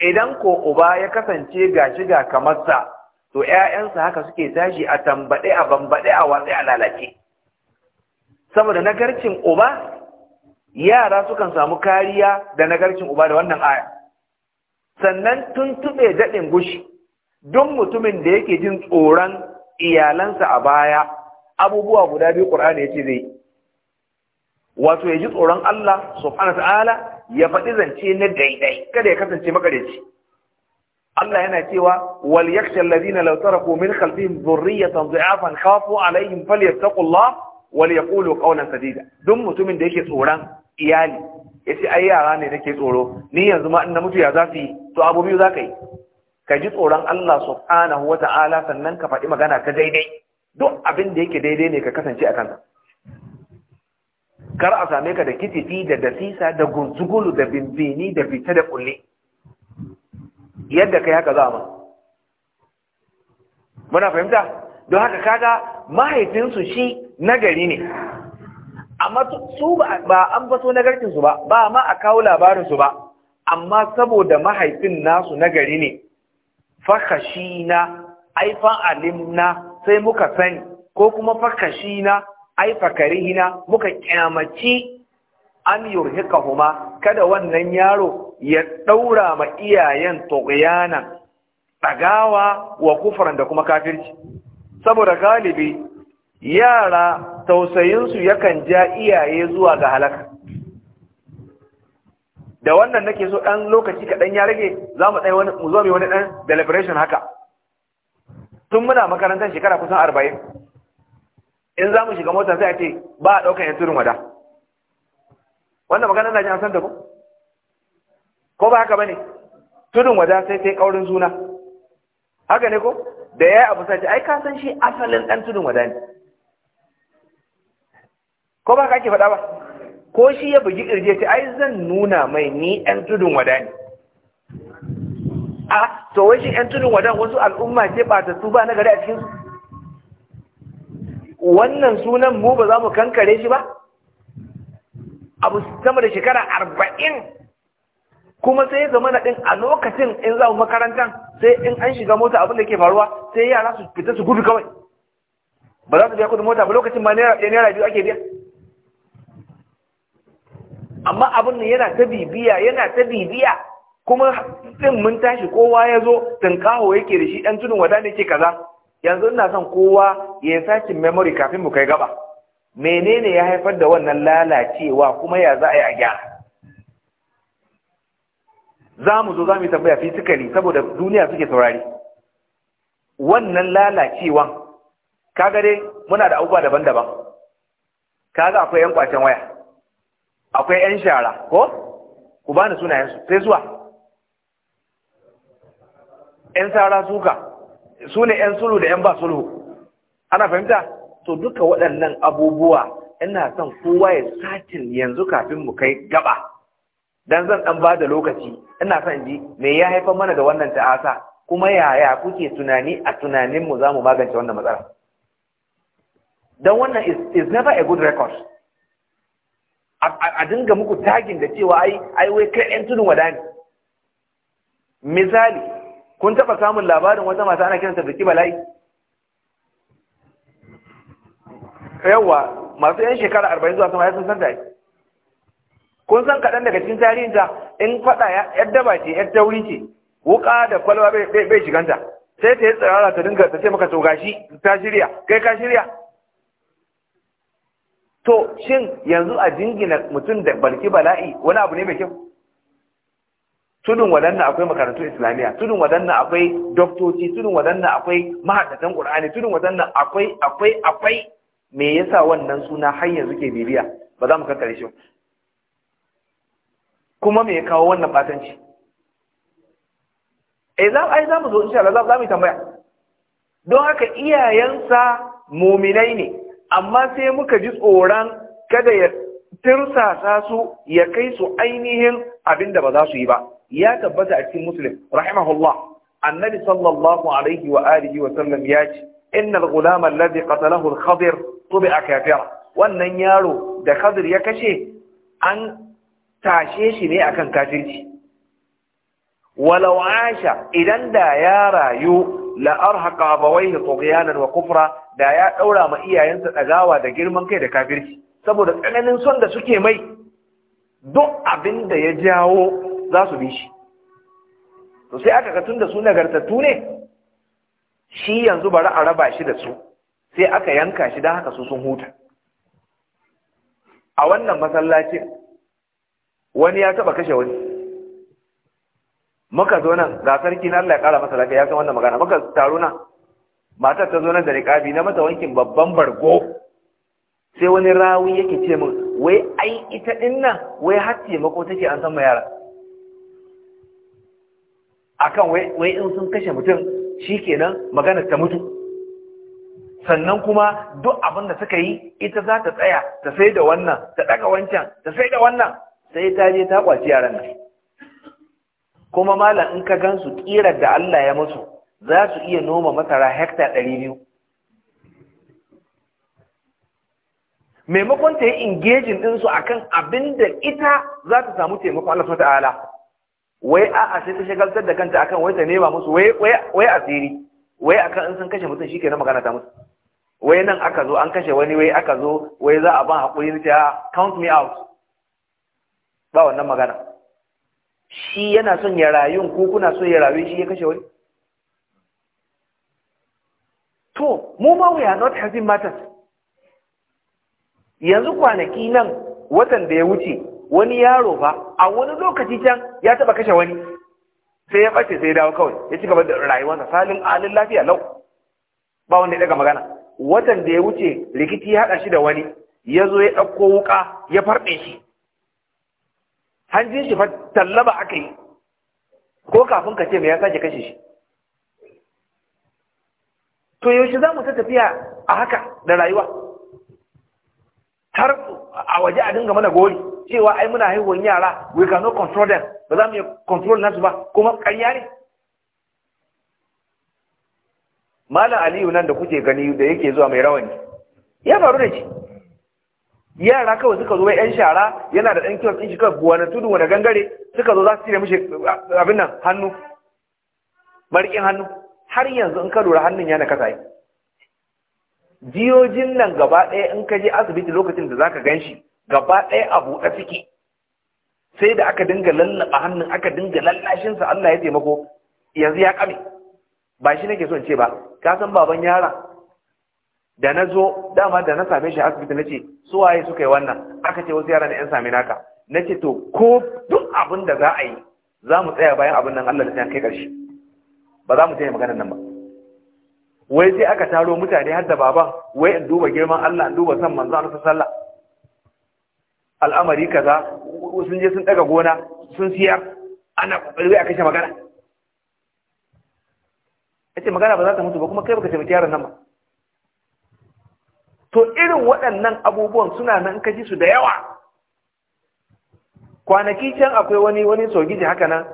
idan ko uba ya kasance gashi ga kamarsa to ƴaƴansa haka suke tashi a tambaɗe a bambaɗe a watsi a lalace saboda nagarcin uba yara sukan samu kariya da nagarcin uba da wannan aya sannan tuntuɓe daɗin gushi duk mutumin da yake jin tsoron iyalansa a baya abubuwa guda biyu ya ce zai wato ya ji tsoron Allah subhanahu ta'ala ya faɗi zance na daidai kada ya kasance makareci Allah yana cewa wal yakhsha alladhina law taraku min khalfihim dhurriyatan dha'afan khafu alaihim falyattaqullah wal yaqulu qawlan sadida duk mutumin da yake tsoron iyali yace ai yara ne nake tsoro ni yanzu ma in na mutu ya zafi yi to abu biyu za ka yi ka ji tsoron Allah subhanahu wa ta'ala sannan ka faɗi magana ka daidai duk abin da yake daidai ne ka kasance a kansa kar a same ka da kitifi da dasisa da gunzugulu da bimbini da fita da kulle yadda kai haka za ma muna fahimta don haka kaga mahaifinsu shi nagari ne amma su ba an baso nagarkinsu ba ba ma a kawo labarinsu ba amma saboda mahaifin nasu nagari ne na aifan na sai muka sani ko kuma na ai fakarihina muka kyamaci an yurhikahuma kada wannan yaro ya daura ma iyayen tughyanan ɗagawa wa kufran da kuma kafirci saboda galibi yara tausayinsu yakan ja iyaye zuwa ga halaka da wannan nake so ɗan lokaci kaɗan ya rage za mu wani mu zo mai wani ɗan deliberation haka tun muna makarantar shekara kusan arba'in in za mu shiga mota sai a ce ba a ɗaukan yan tudun wada wannan maganar na jin san da ku ko ba haka ba ne tudun wada sai sai ƙaurin suna haka ne ko da ya yi abu sai ai ka san shi asalin ɗan tudun wada ne ko ba ka ake faɗa ba ko shi ya bugi ƙirje ce ai zan nuna mai ni ɗan tudun wada ne a to wai shi yan tunin wadan wasu al'umma ce ba su ba na gari a cikin wannan sunan mu ba za mu kankare shi ba abu sama da shekara arba'in kuma sai zama na ɗin a lokacin in za mu makarantar sai in an shiga mota abin da ke faruwa sai yara su fita su gudu kawai ba za su biya kudin mota ba lokacin ma naira ɗaya naira biyu ake biya amma abin yana ta bibiya yana ta bibiya kuma din mun tashi kowa ya zo tunkaho yake da shi ɗan tunin wada ne ke kaza yanzu ina son kowa ya sakin memory kafin mu kai gaba menene ya haifar da wannan lalacewa kuma ya za a yi a gyara za mu zo za mu yi tambaya fisikali saboda duniya suke saurari wannan lalacewan kaga dai muna da abubuwa daban-daban kaga akwai 'yan kwacen waya akwai 'yan shara ko ku bani sunayensu sai zuwa 'yan sara suka su ne 'yan sulhu da 'yan ba sulhu ana fahimta to duka waɗannan abubuwa ina son kowa ya satin yanzu kafin mu kai gaba dan zan dan ba da lokaci ina son ji me ya haifar mana da wannan ta'asa kuma yaya kuke tunani a tunaninmu za mu magance wannan matsala don wannan is never a good record a dinga muku tagin da cewa ai ai wai kai 'yan tunin wada misali kun taɓa samun labarin wata mata ana kiransa biki bala'i yawa masu yan shekara arba'in zuwa sama ya sun san kun san kaɗan daga cikin tarihin ta in faɗa yadda daba ce yadda wuri ce wuka da kwalwa bai shiganta sai ta yi tsirara ta dinga ta ce maka to gashi ta shirya kai ka shirya to shin yanzu a jingina mutum da balki bala'i wani abu ne mai kyau tudun wadannan akwai makarantun islamiyya tudun wadannan akwai doktoci tudun wadannan akwai mahaddatan qur'ani tudun wadannan akwai akwai akwai me yasa wannan suna har yanzu ke bibiya ba za mu kankare shi kuma me ya kawo wannan batanci eh za ai za mu zo insha Allah za mu tambaya don haka iyayensa muminai ne amma sai muka ji tsoron kada ya tirsasa su ya kai su ainihin abin da ba za su yi ba ya tabbata a cikin muslim rahimahullah annabi sallallahu alaihi wa alihi wa sallam ya ce innal ghulama alladhi qatalahu al-khadir tubi'a kafira wannan yaro da khadir ya kashe an tashe shi ne akan kafirci walau asha idan da ya rayu la arhaqa abawaihi tughyanan wa kufra da ya daura ma iyayensa dagawa da girman kai da kafirci saboda tsananin son da suke mai duk abin da ya jawo za su bi shi to sai aka ga tunda su nagartattu ne shi yanzu bari a raba shi da su sai aka yanka shi don haka su sun huta a wannan masallacin wani ya taba kashe wani muka zo nan ga sarki na Allah ya kara masa lafiya ya san wannan magana muka taro nan matar ta zo nan da riƙabi na mata wankin babban bargo sai wani rawi yake ce min wai ai ita din nan wai har taimako take an san ma yara akan wai in sun kashe mutum shi kenan maganar ta mutu sannan kuma duk abin da suka yi ita za ta tsaya ta sai da wannan ta ɗaga wancan ta sai da wannan sai ta je ta kwaci yaran nan kuma malam in ka gansu ƙirar da Allah ya musu za su iya noma masara hekta ɗari biyu maimakon ta yi engaging su akan abin da ita za ta samu taimako Allah ta'ala wai a'a sai ta shagaltar da kanta akan wai ta nema musu wai asiri wai akan in sun kashe mutum shi ke magana ta musu wai nan aka zo an kashe wani wai aka zo wai za a ban haƙuri ta ah, count me out ba wannan magana shi yana son ya rayu ko kuna so ya rayu shi ya kashe wani to mu ma we are not having matters yanzu kwanaki nan watan da ya wuce wani yaro fa a wani lokaci can ya taba kashe wani sai ya bace sai ya dawo kawai ya ci gaba da rayuwarsa salin alin lafiya lau ba wanda ya daga magana watan da ya wuce rikici ya haɗa shi da wani ya zo ya ɗauko wuka ya farɗe shi hanjin shi fa tallaba aka yi ko kafin ka ce me ya sake kashe shi to yaushe za mu ta tafiya a haka da rayuwa har a waje a dinga mana gori cewa ai muna haihuwar yara we not control them ba za mu iya control nasu ba kuma ƙarya ne malam aliyu nan da kuke gani da yake zuwa mai rawani ya faru da shi yara kawai suka zo yan shara yana da ɗan kiwon ɗin shi kawai wani tudu wani gangare suka zo za su cire mishi abin nan hannu marikin hannu har yanzu in ka lura hannun yana nakasa. jiyojin nan gaba ɗaya in ka je asibiti lokacin da zaka gan shi gaba ɗaya a buɗe suke sai da aka dinga lallaɓa hannun aka dinga lallashinsa Allah ya taimako yanzu ya ƙame. ba shi nake so in ce ba ka san baban yara da na zo dama da na same shi asibiti na ce su waye suka yi wannan aka ce wasu yara na yan same naka na ce to ko duk abin da za a yi za mu tsaya bayan abin nan Allah da ta kai ƙarshe ba za mu taya maganar nan ba wai sai aka taro mutane har da baban wai in duba girman Allah in duba san manzo Allah sallallahu al'amari kaza sun je sun daga gona sun siyar ana kokari a kashe magana ce magana ba za ta mutu ba kuma kai baka taimaki yaron nan ba to irin waɗannan abubuwan suna nan kaji su da yawa kwanaki can akwai wani wani sogiji haka nan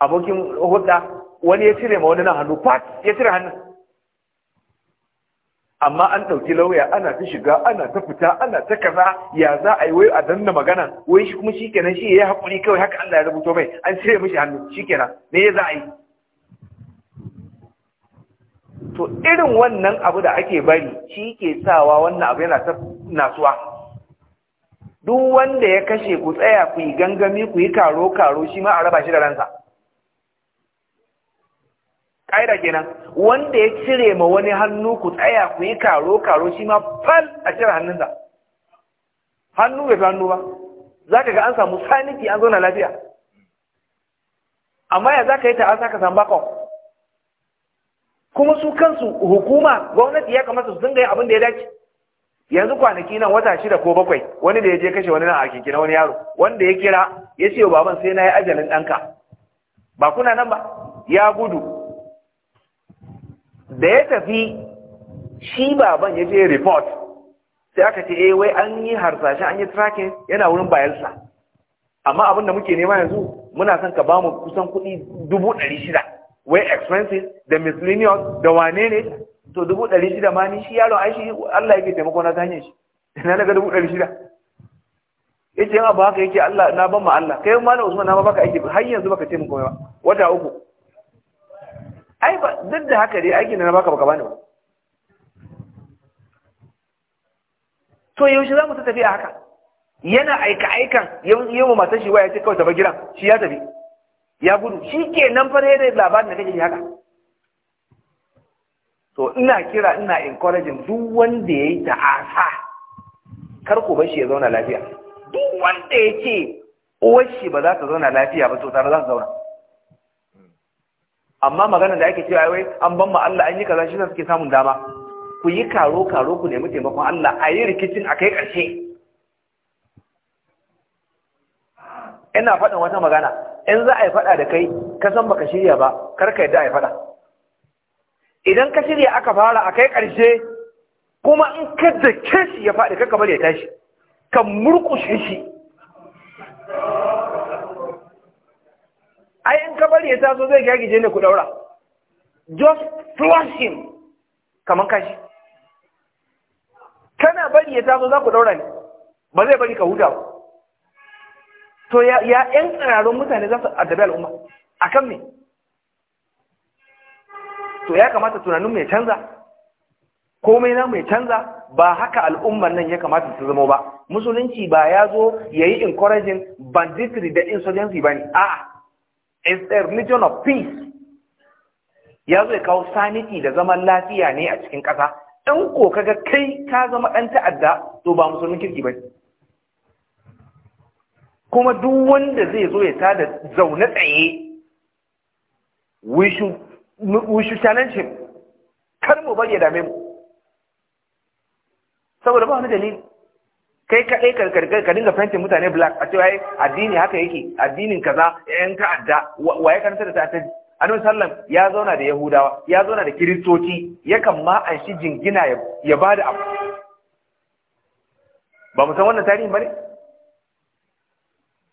abokin hudda wani ya cire ma wani nan hannu kwat ya cire hannun amma an ɗauki lauya ana ta shiga ana ta fita ana ta kaza ya za a yi wai a danna magana wai shi kuma shikenan shi ya haƙuri kawai haka Allah ya rubuto mai an cire mishi hannu shikenan me ya za a yi to irin wannan abu da ake bari shi ke sawa wannan abu yana ta nasuwa duk wanda ya kashe ku tsaya ku yi gangami ku yi karo karo shi ma a raba shi da ransa ƙa'ida kenan wanda ya cire ma wani hannu ku tsaya ku yi karo-karo shi ma fal a cire hannunsa hannu bai fi hannu ba za ka ga an samu saniki an zauna lafiya amma ya za ka yi ta'asa ka samu bakon kuma su kansu hukuma gwamnati ya kamata su dinga yin abin da ya dace yanzu kwanaki nan wata shida ko bakwai wani da ya je kashe wani nan a kinkina wani yaro wanda ya kira ya ce baban sai na yi ajalin ɗanka ba kuna nan ba ya gudu da ya tafi shi baban ya je report sai aka ce eh wai an yi harsashe an yi tracking yana wurin bayelsa amma abin da muke nema yanzu muna son ka bamu kusan kuɗi dubu ɗari shida wai expenses da miscellaneous da wane ne to dubu ɗari shida ma ni shi yaron ai shi Allah yake taimako na ta hanyar shi na daga dubu ɗari shida yace yan abu haka yake Allah na ban ma Allah kai ma na Usman na ba baka aiki har yanzu baka ce min ba wata uku ai ba duk da haka dai aikin da na baka baka bani ba to yaushe za mu tafi a haka yana aika aikan yau matan shi waya ce kawai tafi gidan shi ya tafi ya gudu shi ke nan fara da labarin da kake haka to ina kira ina encouraging duk wanda ya yi ta'asa kar ku bashi ya zauna lafiya duk wanda ya ce uwar shi ba za ta zauna lafiya ba to tare za su zauna amma magana da ake cewa wai an ban ma Allah an yi kaza shi suke samun dama ku yi karo karo ku nemi taimakon Allah a yi rikicin a kai ƙarshe ina faɗin wata magana in za a yi faɗa da kai ka san baka shirya ba kar ka yadda a yi faɗa idan ka shirya aka fara a kai ƙarshe kuma in ka da ya faɗi ka bari ya tashi kan murƙushe shi ai in ka bari ya taso zai gagije ne ku daura just flush him kamar kashi kana bari ya taso za ku daura ne ba zai bari ka huta ba to ya yan tsirarun mutane za su addabi al'umma a kan me to ya kamata tunanin mai canza komai na mai canza ba haka al'umman nan ya kamata su zama ba musulunci ba ya zo ya yi encouraging banditry da insurgency ba ne a'a is a religion of peace ya zo ya kawo saniki da zaman lafiya ne a cikin ƙasa ɗan ko kaga kai ka zama ɗan ta'adda to ba musulmin kirki ba kuma duk wanda zai zo ya tada zaune tsaye we should we should kar mu bari ya dame mu saboda ba wani dalili kai kaɗai ka dinga fahimtar mutane black a cewa addini haka yake addinin kaza yan ta'adda waye karanta da ta'adda annabi sallam ya zauna da yahudawa ya zauna da kiristoci yakan ma an shi jingina ya ba da abu ba mu san wannan tarihin ba ne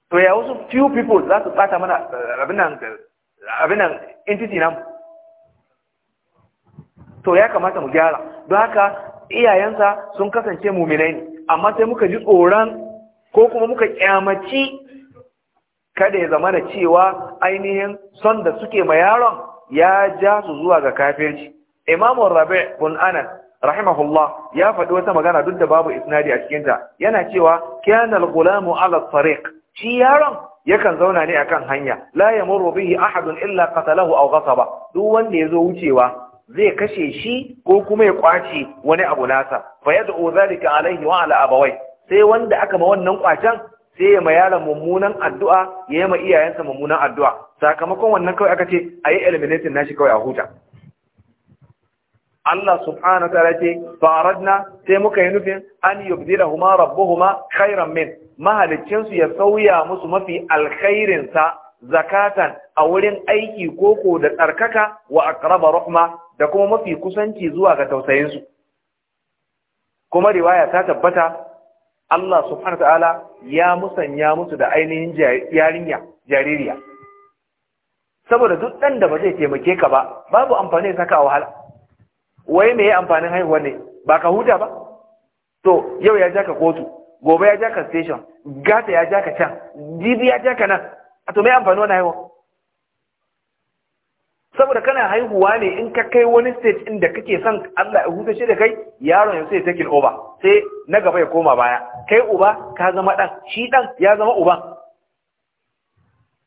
to ya wasu few people za su bata mana eh, eh, abin nan entity nan to ya kamata mu gyara don haka iyayensa sun kasance muminai ne amma sai muka ji tsoron ko kuma muka kyamaci kada ya zama da cewa ainihin son da suke ma yaron ya ja su zuwa ga kafirci imamu rabi bin anas rahimahullah ya faɗi wata magana duk da babu isnadi a cikinta yana cewa kyanal gulamu ala tariq shi yaron yakan zauna ne akan hanya la yamurru bihi ahadun illa qatalahu aw ghasaba duk wanda ya zo wucewa zai kashe shi ko kuma ya kwace wani abu nasa fa yad'u zalika alaihi wa ala abawai sai wanda aka ma wannan kwacen sai ya mayala mummunan addu'a ya yi ma iyayensa mummunan addu'a sakamakon wannan kawai aka ce a yi eliminatin nashi kawai a huta Allah subhanahu ta'ala ce faradna sai muka yi nufin an huma rabbuhuma khairan min mahalicin su ya sauya musu mafi alkhairin sa zakatan a wurin aiki koko da tsarkaka wa akraba rahma da kuma mafi kusanci zuwa ga tausayinsu kuma riwaya ta tabbata Allah subhanahu ta'ala ya musanya musu da ainihin yarinya jaririya saboda duk ɗan da ba zai taimake ka ba babu amfani saka a wahala Wai me amfanin haihuwa ne ba ka huta ba to yau ya ja kotu gobe ya ja station gata ya ja can jibi ya ja nan a to me amfani wannan haihuwa saboda kana haihuwa ne in ka kai wani stage da kake son Allah ya hutashe da kai yaron ya sai take over sai na gaba ya koma baya kai uba ka zama dan shi dan ya zama uba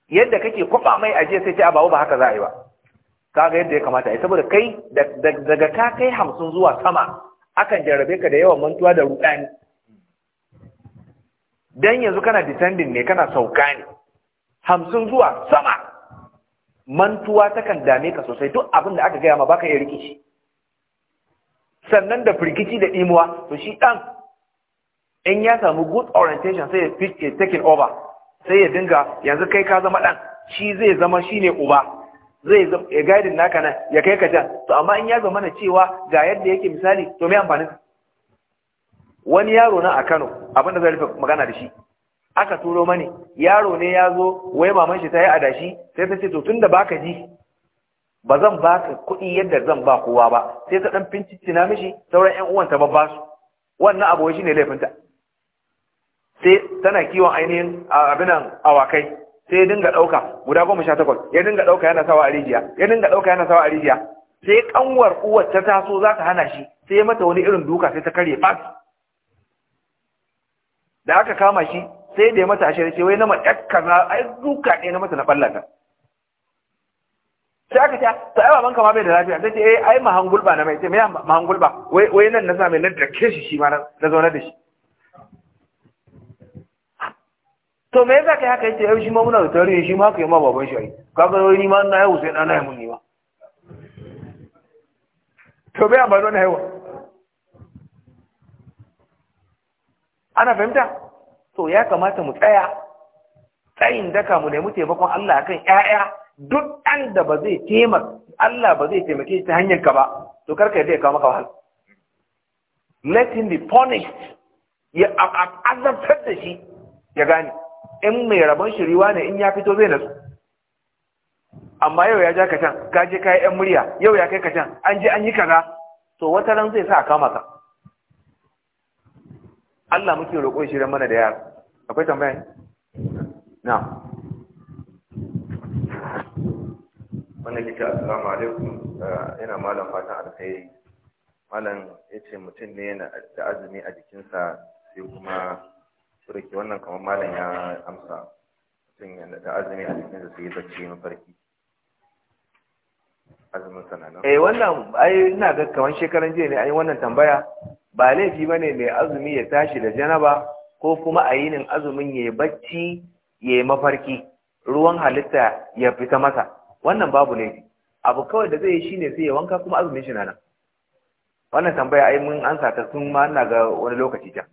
yadda kake kwaba mai aje sai ce a ba haka za a yi ba kaga yadda ya kamata ai saboda kai daga ka kai hamsin zuwa sama akan jarrabe ka da yawan mantuwa da rudani dan yanzu kana descending ne kana sauka ne hamsin zuwa sama mantuwa takan dame ka sosai duk abin da aka gaya ma baka iya rikici sannan da firgici da imuwa to shi ɗan in ya samu good orientation sai ya taking over sai ya dinga yanzu kai ka zama ɗan shi zai zama shi ne uba zai ya gaidin naka nan ya kai ka can to amma in ya zama na cewa ga yadda yake misali to me amfanin wani yaro na a Kano abin da zai rufe magana da shi aka turo mani yaro ne ya zo wai maman shi ta yi adashi sai ta ce to tunda baka ji ba zan baka kuɗi yadda zan ba kowa ba sai ta ɗan fincicina mishi sauran ƴan uwanta ba ba su wannan abu wai shine laifinta sai tana kiwon ainihin abinan awakai sai ya dinga ɗauka guda goma sha takwas ya dinga ɗauka yana sawa a rijiya ya dinga ɗauka yana sawa a rijiya sai kanwar uwar ta taso za ta hana shi sai mata wani irin duka sai ta karye fas da aka kama shi sai da ya mata ashir ce wai na maɗa kaza ai duka ɗaya na mata na fallata sai aka ce ta ai babanka ma bai da lafiya sai ce eh ai mahan gulba na mai sai mai mahan gulba wai nan na same na da shi shi ma na zauna da shi to me yasa kai haka yace yau shi ma muna da tarihi shi ma haka ma baban shi ai kaga wai ni ma na yau sai ɗana yi mun ni ma to bai amfani wani haihuwa ana fahimta so ya kamata mu tsaya tsayin daka mu nemi taimakon Allah akan ƴaƴa duk ɗan da ba zai taimaka Allah ba zai taimake ta hanyar ka ba to karka yadda ya kawo maka wahala let him be punished ya azabtar da shi ya gane in mai rabon shiriwa ne in ya fito zai nasu amma yau ya ja ka can ka je ka yi murya yau ya kai ka can an je an yi kaza to wata ran zai sa a kama ka Allah muke roƙo shi mana da yara akwai tambaya na wannan yake assalamu alaikum yana ah, malam fatan alkhairi malam ya ce mutum ne yana da azumi a jikinsa sai kuma turki wannan kamar malam ya amsa mutum yana da azumi a jikinsa sai ya bacci mafarki azumin sananan eh wannan ai ina ga kamar shekaran jiya ne an yi wannan tambaya ba laifi bane mai azumi ya tashi da janaba ko kuma a yinin azumin ya yi bacci ya yi mafarki ruwan halitta ya fita masa wannan babu ne. abu kawai da zai yi shine sai ya wanka kuma azumin shi nan wannan tambaya ai mun ansa ta sun ma ina ga wani lokaci can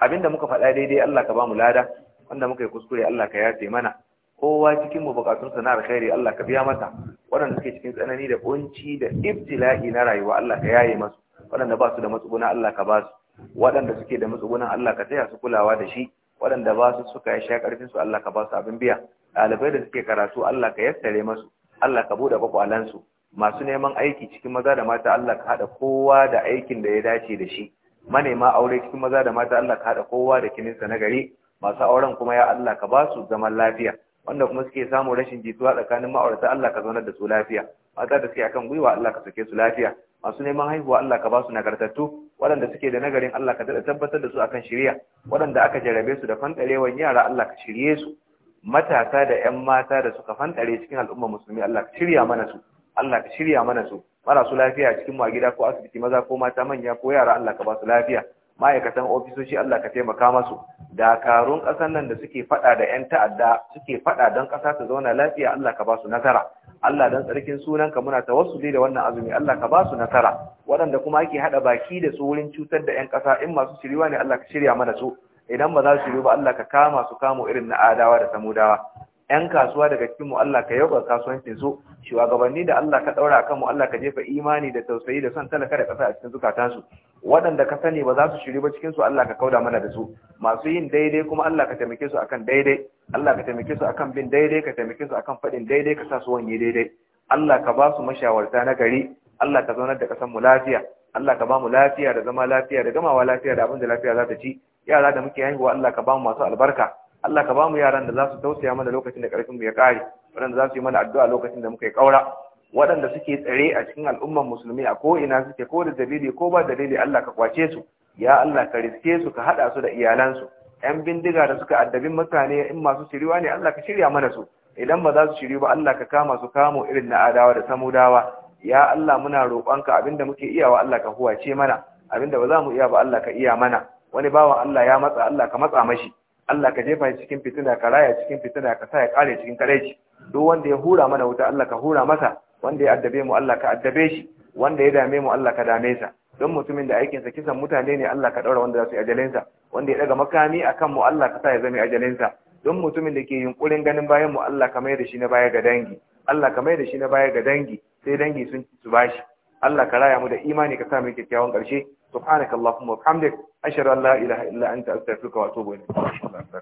abinda muka faɗa daidai Allah ka bamu lada wanda muka yi kuskure Allah ka yafe mana kowa cikin mu bukatun sa na alkhairi Allah ka biya masa waɗanda suke cikin tsanani da kunci da ibtila'i na rayuwa Allah ka yaye masu waɗanda ba su da matsuguna Allah ka ba su waɗanda suke da matsugunan Allah ka taya su kulawa da shi waɗanda ba su suka ya sha ƙarfin su Allah ka ba su abin biya ɗalibai da suke karatu Allah ka yassare masu Allah ka buɗe kwakwalansu masu neman aiki cikin maza da mata Allah ka haɗa kowa da aikin da ya dace da shi manema aure cikin maza da mata Allah ka haɗa kowa da kininsa na gari masu auren kuma ya Allah ka ba su zaman lafiya wanda kuma suke samu rashin jituwa tsakanin ma'aurata Allah ka zaunar da su lafiya mata da suke akan gwiwa Allah ka sake su lafiya masu neman haihuwa Allah ka ba su nagartattu waɗanda suke da nagarin Allah ka tabbatar da su akan shirya waɗanda aka jarabe su da fantarewan yara Allah ka shirye su matasa da ƴan mata da suka fantare cikin al'umma musulmi Allah ka shirya mana su Allah ka shirya mana su marasu lafiya cikin mu gida ko asibiti maza ko mata manya ko yara Allah ka ba su lafiya ma'aikatan ofisoshi Allah ka taimaka masu dakarun ƙasar nan da suke faɗa da 'yan ta'adda suke faɗa don ƙasa ta zauna lafiya Allah ka ba su nasara Allah dan tsarkin sunanka muna tawassuli da wannan azumi Allah ka ba su nasara waɗanda kuma ake hada baki da su wurin cutar da ƴan ƙasa in masu shiriwa ne Allah ka shirya mana su idan ba za su shiryu ba Allah ka kama su kamo irin na adawa da samudawa ƴan kasuwa daga cikin mu Allah ka yaba kasuwancin su shugabanni da Allah ka ɗaura akan mu Allah ka jefa imani da tausayi da son talaka da ƙasa a cikin zukatansu waɗanda ka sani ba za su shiryu ba cikin su Allah ka kauda mana da su masu yin daidai kuma Allah ka taimake su akan daidai Allah ka taimake su akan bin daidai ka taimake su akan faɗin daidai ka sa su wanye daidai Allah ka ba su mashawarta na gari Allah ka zaunar da ƙasar mu lafiya Allah ka ba mu lafiya da zama lafiya da gamawa lafiya da abin da lafiya za ta ci yara da muke haihuwa Allah ka ba mu masu albarka Allah ka ba mu yaran da za su tausaya mana lokacin da ƙarfin mu ya ƙare waɗanda za su yi mana addu'a lokacin da muka yi ƙaura waɗanda suke tsare a cikin al'ummar musulmi a ko ina suke ko da dalili ko ba dalili Allah ka kwace su ya Allah ka riske su ka haɗa su da iyalansu 'yan bindiga da suka addabi mutane in masu shiriwa ne Allah ka shirya mana su idan ba za su shiri ba Allah ka kama su kamo irin na adawa da samudawa ya Allah muna roƙonka abinda muke iya wa Allah ka huwace mana abinda ba za mu iya ba Allah ka iya mana wani bawan Allah ya matsa Allah ka matsa mashi Allah ka jefa shi cikin fitina ka raya cikin fitina ka sa ya kare cikin kareci duk wanda ya hura mana wuta Allah ka hura masa wanda ya addabe mu Allah ka addabe shi wanda ya dame mu Allah ka dame sa don mutumin da aikinsa kisan mutane ne Allah ka ɗaura wanda za su yi ajalinsa wanda ya daga makami a kanmu Allah ka sa ya zama ajalinsa don mutumin da ke yunkurin ganin bayan mu Allah ka mai da shi na baya ga dangi Allah ka mai da shi na baya ga dangi sai dangi sun su bashi Allah ka raya mu da imani ka sa mu kyakkyawan ƙarshe subhanakallahumma wa bihamdik ashhadu an la ilaha illa anta astaghfiruka wa atubu ilayk